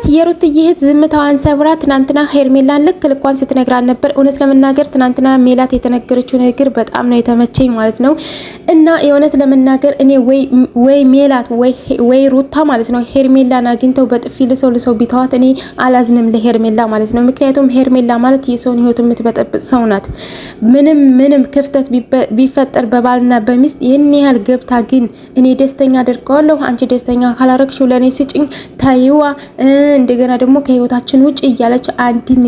ጽናት የሩትዬ እህት ዝምታዋን ሰብራ ትናንትና ሄርሜላን ልክ ልኳን ስትነግራን ነበር። እውነት ለመናገር ትናንትና ሜላት የተነገረችው ንግግር በጣም ነው የተመቸኝ ማለት ነው። እና የእውነት ለመናገር እኔ ወይ ሜላት ወይ ሩታ ማለት ነው ሄርሜላን አግኝተው በጥፊ ልሰው ልሰው ቢተዋት እኔ አላዝንም ለሄርሜላ ማለት ነው። ምክንያቱም ሄርሜላ ማለት የሰውን ሕይወት የምትበጠብጥ ሰው ናት። ምንም ምንም ክፍተት ቢፈጠር በባልና በሚስት ይህን ያህል ገብታ ግን እኔ ደስተኛ አድርገዋለሁ አንቺ ደስተኛ ካላረግሽው ለእኔ ስጭኝ ታይዋ እንደገና ደግሞ ከህይወታችን ውጭ እያለች አንድን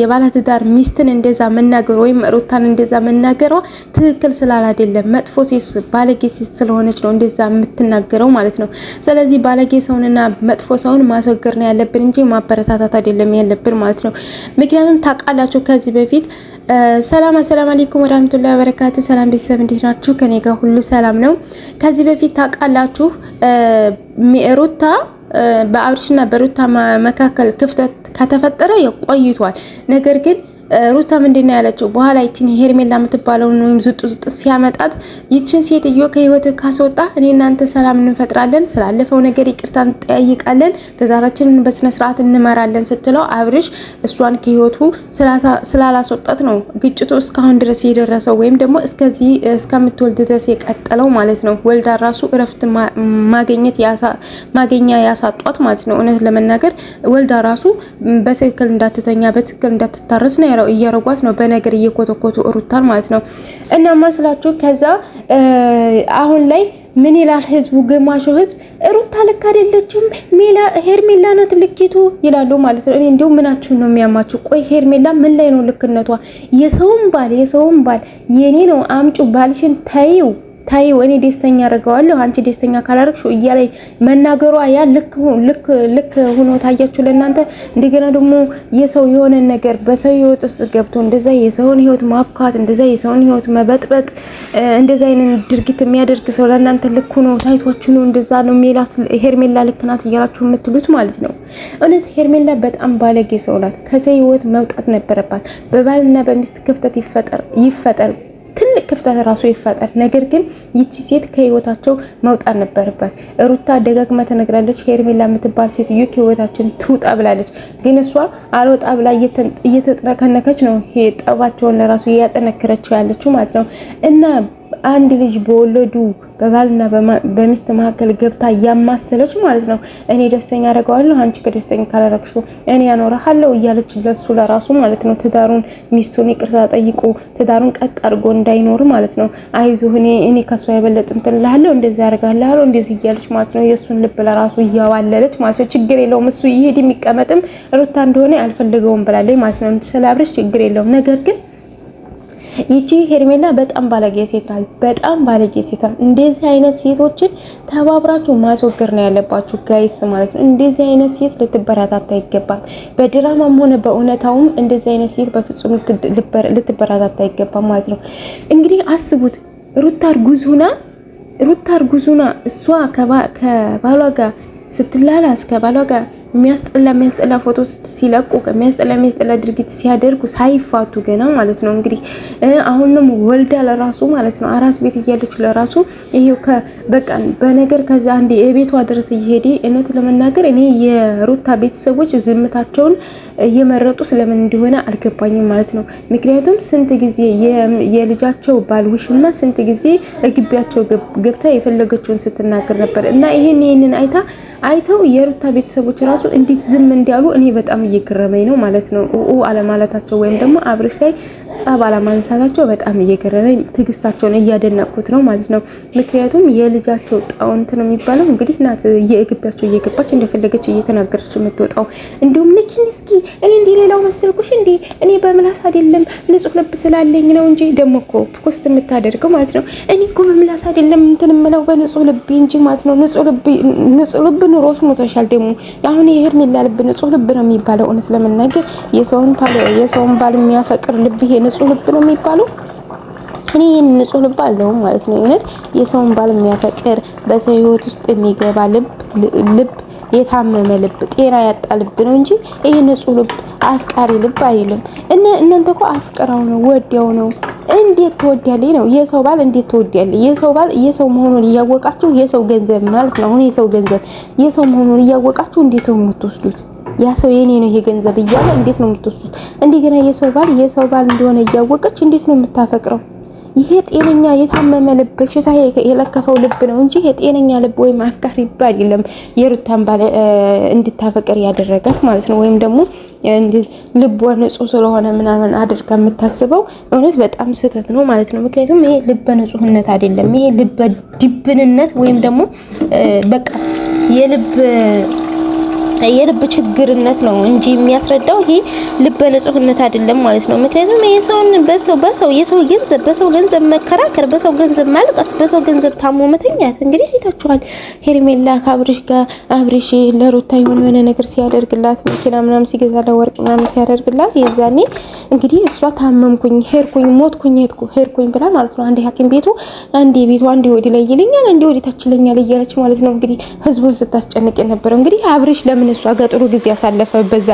የባለትዳር ሚስትን እንደዛ መናገር ወይም ሩታን እንደዛ መናገሯ ትክክል ስላል አይደለም። መጥፎ ሴት ባለጌ ሴት ስለሆነች ነው እንደዛ የምትናገረው ማለት ነው። ስለዚህ ባለጌ ሰውንና መጥፎ ሰውን ማስወገድ ነው ያለብን እንጂ ማበረታታት አይደለም ያለብን ማለት ነው። ምክንያቱም ታውቃላችሁ ከዚህ በፊት ሰላም አሰላም አለይኩም ወራህመቱላሂ ወበረካቱ። ሰላም ቤተሰብ እንዴት ናችሁ? ከኔ ጋር ሁሉ ሰላም ነው። ከዚህ በፊት ታውቃላችሁ ሩታ በአብርሽና በሩታ መካከል ክፍተት ከተፈጠረ ቆይቷል። ነገር ግን ሩታ ምንድን ነው ያለችው? በኋላ ይችን ሄርሜላ የምትባለውን ወይም ዝጡ ዝጥ ሲያመጣት ይችን ሴትዮ ከህይወት ካስወጣ እኔ እናንተ ሰላም እንፈጥራለን፣ ስላለፈው ነገር ይቅርታ እንጠያይቃለን፣ ትዳራችንን በስነ ስርዓት እንመራለን ስትለው አብርሽ እሷን ከህይወቱ ስላላስወጣት ነው ግጭቱ እስካሁን ድረስ የደረሰው ወይም ደግሞ እስከዚህ እስከምትወልድ ድረስ የቀጠለው ማለት ነው። ወልዳ ራሱ እረፍት ማግኘት ማገኛ ያሳጧት ማለት ነው። እውነት ለመናገር ወልዳ ራሱ በትክክል እንዳትተኛ በትክክል እንዳትታረስ ነው ነው እያረጓት ነው በነገር እየኮተኮቱ ሩታል ማለት ነው። እና ማስላችሁ ከዛ አሁን ላይ ምን ይላል ህዝቡ? ግማሹ ህዝብ ሩታ ልክ አይደለችም፣ ሜላ ሄርሜላ ናት ልኪቱ ይላሉ ማለት ነው። እኔ እንዲሁ ምናችሁ ነው የሚያማችሁ? ቆይ ሄርሜላ ምን ላይ ነው ልክነቷ? የሰውን ባል የሰውን ባል የኔ ነው አምጩ ባልሽን ተይው ታይ እኔ ደስተኛ አደርገዋለሁ አንቺ ደስተኛ ካላደረግሽ እያለ መናገሯ ያ ልክ ልክ ልክ ሆኖ ታያችሁ ለእናንተ። እንደገና ደግሞ የሰው የሆነ ነገር በሰው ህይወት ውስጥ ገብቶ እንደዛ የሰውን ህይወት ማብካት፣ እንደዛ የሰውን ህይወት መበጥበጥ፣ እንደዛ አይነት ድርጊት የሚያደርግ ሰው ለእናንተ ልክ ሆኖ ታይቷችሁ ነው እንደዛ ነው ሜላት ሄርሜላ ልክ ናት እያላችሁ የምትሉት ማለት ነው። እውነት ሄርሜላ በጣም ባለጌ ሰው ናት። ከሰው ህይወት መውጣት ነበረባት። በባልና በሚስት ክፍተት ይፈጠር ይፈጠር ትልቅ ክፍተት ራሱ ይፈጠር። ነገር ግን ይቺ ሴት ከህይወታቸው መውጣት ነበረባት። ሩታ ደጋግማ ተነግራለች። ሄርሜላ የምትባል ሴትዮ ከህይወታችን ትውጣ ብላለች። ግን እሷ አልወጣ ብላ እየተጠነከነከች ነው ጠባቸውን ለራሱ እያጠነከረችው ያለችው ማለት ነው እና አንድ ልጅ በወለዱ በባልና በሚስት መካከል ገብታ እያማሰለች ማለት ነው። እኔ ደስተኛ አደርገዋለሁ፣ አንቺ ከደስተኛ ካላረግሽ እኔ ያኖረሃለሁ እያለች ለሱ ለራሱ ማለት ነው ትዳሩን ሚስቱን ይቅርታ ጠይቆ ትዳሩን ቀጥ አድርጎ እንዳይኖር ማለት ነው። አይዞህ እኔ እኔ ከሷ የበለጠ እንትን እልሃለሁ፣ እንደዚህ አደርጋለሁ፣ እንደዚህ እያለች ማለት ነው። የእሱን ልብ ለራሱ እያዋለለች ማለት ነው። ችግር የለውም እሱ ይሄድ የሚቀመጥም ሩታ እንደሆነ አልፈልገውም ብላለች ማለት ነው። ስለ አብርሽ ችግር የለውም ነገር ግን ይቺ ሄርሜላ በጣም ባለጌ ሴት ናት። በጣም ባለጌ ሴት ናት። እንደዚህ አይነት ሴቶችን ተባብራችሁ ማስወገድ ነው ያለባችሁ ጋይስ ማለት ነው። እንደዚህ አይነት ሴት ልትበረታታ አይገባም። በድራማም ሆነ በእውነታውም እንደዚህ አይነት ሴት በፍጹም ልትበረታታ አይገባም ማለት ነው። እንግዲህ አስቡት ሩታ እርጉዝ ሁና ሩታ እርጉዝ እሷ ከባሏ ጋር ስትላላስ ከባሏ ጋር የሚያስጠላ የሚያስጠላ ፎቶ ሲለቁ ከሚያስጠላ የሚያስጠላ ድርጊት ሲያደርጉ ሳይፋቱ ገና ማለት ነው። እንግዲህ አሁንም ወልዳ ለራሱ ማለት ነው አራስ ቤት እያለች ለራሱ ይሄው በቃ በነገር ከዛ አንድ የቤቷ ድረስ እየሄደ እውነት ለመናገር እኔ የሩታ ቤተሰቦች ዝምታቸውን እየመረጡ ስለምን እንደሆነ አልገባኝም ማለት ነው። ምክንያቱም ስንት ጊዜ የልጃቸው ባል ውሽማ ስንት ጊዜ እግቢያቸው ገብታ የፈለገችውን ስትናገር ነበር እና ይሄን ይሄንን አይታ አይተው የሩታ ቤተሰቦች ራሱ ራሱ እንዴት ዝም እንዲያሉ እኔ በጣም እየገረመኝ ነው ማለት ነው። ኡ አለማለታቸው ወይም ደግሞ አብርሽ ላይ ጸብ አለማንሳታቸው በጣም እየገረመኝ ትግስታቸውን እያደነቅኩት ነው ማለት ነው። ምክንያቱም የልጃቸው ጣውንት ነው የሚባለው እንግዲህ ናት የእግቢያቸው እየገባች እንደፈለገች እየተናገረች የምትወጣው። እንዲሁም ንኪኝ እስኪ እኔ እንዲህ ሌላው መሰልኩሽ እንዲህ እኔ በምላስ አይደለም ንጹህ ልብ ስላለኝ ነው እንጂ ደግሞ እኮ ፖስት የምታደርገው ማለት ነው። እኔ እኮ በምላስ አይደለም እንትን የምለው በንጹህ ልቤ እንጂ ማለት ነው። ንጹህ ልብ ኑሮሽ ሞቶሻል ደግሞ አሁን የሄርሜላ ልብ ንጹህ ልብ ነው የሚባለው። እውነት ለመናገር የሰውን ባል የሰውን ባል የሚያፈቅር ልብ ይሄ ንጹህ ልብ ነው የሚባለው። እኔ ይህን ንጹህ ልብ አለውም ማለት ነው። እውነት የሰውን ባል የሚያፈቅር በሰው ህይወት ውስጥ የሚገባ ልብ ልብ የታመመ ልብ ጤና ያጣ ልብ ነው እንጂ ይሄ ንጹህ ልብ አፍቃሪ ልብ አይልም። እናንተ እኮ አፍቅረው ነው ወዲያው ነው እንዴት ትወዳለህ ነው የሰው ባል እንዴት ትወዳለህ? የሰው ባል የሰው መሆኑን እያወቃችሁ የሰው ገንዘብ ማለት ነው። አሁን የሰው ገንዘብ የሰው መሆኑን እያወቃችሁ እንዴት ነው የምትወስዱት? ያ ሰው የኔ ነው ይሄ ገንዘብ እያለ እንዴት ነው የምትወስዱት? እንደገና የሰው ባል የሰው ባል እንደሆነ እያወቀች እንዴት ነው የምታፈቅረው? ይሄ ጤነኛ የታመመ ልብ በሽታ የለከፈው ልብ ነው እንጂ የጤነኛ ልብ ወይም አፍቃሪ ይባል የለም የሩታን ባል እንድታፈቅር ያደረጋት ማለት ነው ወይም ደግሞ ልቧ ንጹህ ስለሆነ ምናምን አድርጋ የምታስበው እውነት በጣም ስህተት ነው ማለት ነው። ምክንያቱም ይሄ ልበ ንጹህነት አይደለም። ይሄ ልበ ድብንነት ወይም ደግሞ በቃ የልብ የልብ ችግርነት ነው እንጂ የሚያስረዳው ይሄ ልበ ንጹህነት አይደለም ማለት ነው። ምክንያቱም የሰውን በሰው በሰው የሰው ገንዘብ በሰው ገንዘብ መከራከር፣ በሰው ገንዘብ ማልቀስ፣ በሰው ገንዘብ ታሞ መተኛት እንግዲህ አይታችኋል። ሄርሜላ ከአብሪሽ ጋር አብሪሽ ለሩታ የሆነ የሆነ ነገር ሲያደርግላት መኪና ምናምን ሲገዛ ለወርቅ ምናምን ሲያደርግላት የዛኔ እንግዲህ እሷ ታመምኩኝ፣ ሄርኩኝ፣ ሞትኩኝ፣ ሄድኩ ሄርኩኝ ብላ ማለት ነው። አንዴ ሐኪም ቤቱ አንዴ ቤቱ አንዴ ወዲ ላይ ይለኛል አንዴ ወዲ ታችለኛል እያለች ማለት ነው እንግዲህ ህዝቡን ስታስጨንቅ የነበረው እንግዲህ አብሪሽ ለምን እሷ ጋር ጥሩ ጊዜ ያሳለፈ በዛ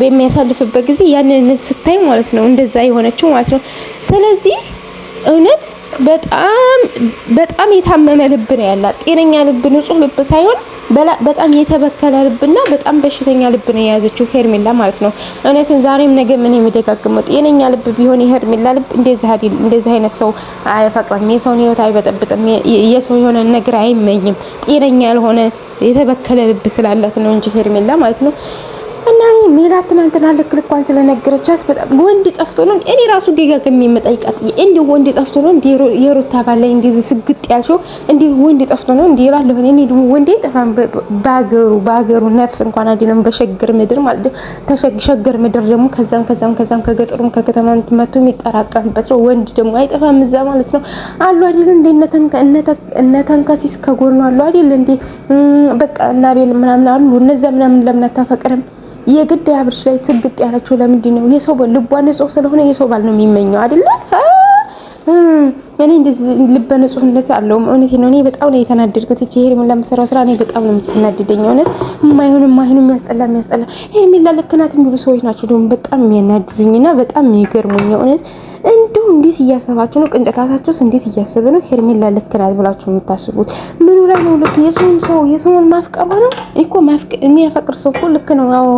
በሚያሳልፍበት ጊዜ ያንን ስታይ ማለት ነው እንደዛ የሆነችው ማለት ነው። ስለዚህ እውነት በጣም በጣም የታመመ ልብ ነው ያላት ጤነኛ ልብ ንጹህ ልብ ሳይሆን በጣም የተበከለ ልብና በጣም በሽተኛ ልብ ነው የያዘችው ሄርሜላ ማለት ነው። እውነትን ዛሬም ነገ ምን የሚደጋግመው ጤነኛ ልብ ቢሆን የሄርሜላ ልብ እንደዚህ አይነት ሰው አይፈቅርም፣ የሰውን ህይወት አይበጠብጥም፣ የሰው የሆነ ነገር አይመኝም። ጤነኛ ያልሆነ የተበከለ ልብ ስላላት ነው እንጂ ሄርሜላ ማለት ነው። እና ሜላ ትናንትና ልክ ልኳን ስለነገረቻት በጣም ወንድ ጠፍቶ ነው። እኔ ራሱ ደጋግሜ የምጠይቃት እንዲ ወንድ ጠፍቶ ነው እንዲ የሩታ ባል ላይ እንዲ ስግጥ ያልሽው እንዲ ወንድ ጠፍቶ ነው እንዲ ይላል። እኔ ደግሞ ወንድ ጠፋን ባገሩ ባገሩ ነፍ እንኳን አይደለም በሸገር ምድር ማለት ነው። ተሸገር ምድር ደግሞ ከዛም ከዛም ከዛም ከገጠሩም ከከተማም መጥቶ የሚጠራቀምበት ነው። ወንድ ደግሞ አይጠፋም እዛ ማለት ነው አሉ አይደል እንደ እነተንከሲስ ከጎኑ አሉ አይደል እንዲ በቃ እናቤል ምናምን አሉ እነዛ ምናምን ለምን አታፈቅርም? የግድ አብርሽ ላይ ስግጥ ያለችው ለምንድን ነው? የሰው ባል ልቧ ንጹህ ስለሆነ የሰው ባል ነው የሚመኘው አይደለ? እኔ እንደዚህ ልበ ንጹህነት አለውም። እውነቴን ነው። እኔ በጣም ነው የተናደድኩት። እቺ ሄርሜላ ለምሰራው ስራ እኔ በጣም ነው የምትናደደኝ። እውነት የማይሆን የማይሆን የሚያስጠላ የሚያስጠላ ሄርሜላ ልክ ናት የሚሉ ሰዎች ናቸው ደግሞ በጣም የሚያናድዱኝና በጣም የሚገርሙኝ እውነት እንዲሁ እንዴት እያሰባችሁ ነው? ቅንጭላታችሁስ እንዴት እያሰበ ነው? ሄርሜላ ልክ ናት ብላችሁ የምታስቡት ምኑ ላይ ነው? ልክ የሰውን ሰው የሰውን ማፍቀሩ ነው እኮ የሚያፈቅር ሰው እኮ ልክ ነው። ያው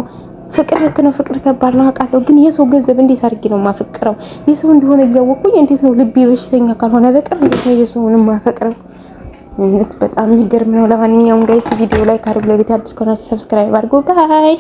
ፍቅር ልክ ነው። ፍቅር ከባድ ነው አውቃለሁ። ግን የሰው ገንዘብ እንዴት አድርጌ ነው ማፈቅረው? የሰው እንደሆነ እያወቅኩኝ እንዴት ነው ልቤ በሽተኛ ካልሆነ በቀር እንዴት ነው የሰውን ማፈቅረው? በጣም የሚገርም ነው። ለማንኛውም ጋይስ ቪዲዮ ላይ ካርብ ለቤት አዲስ ከሆናችሁ ሰብስክራይብ አድርጉ። ባይ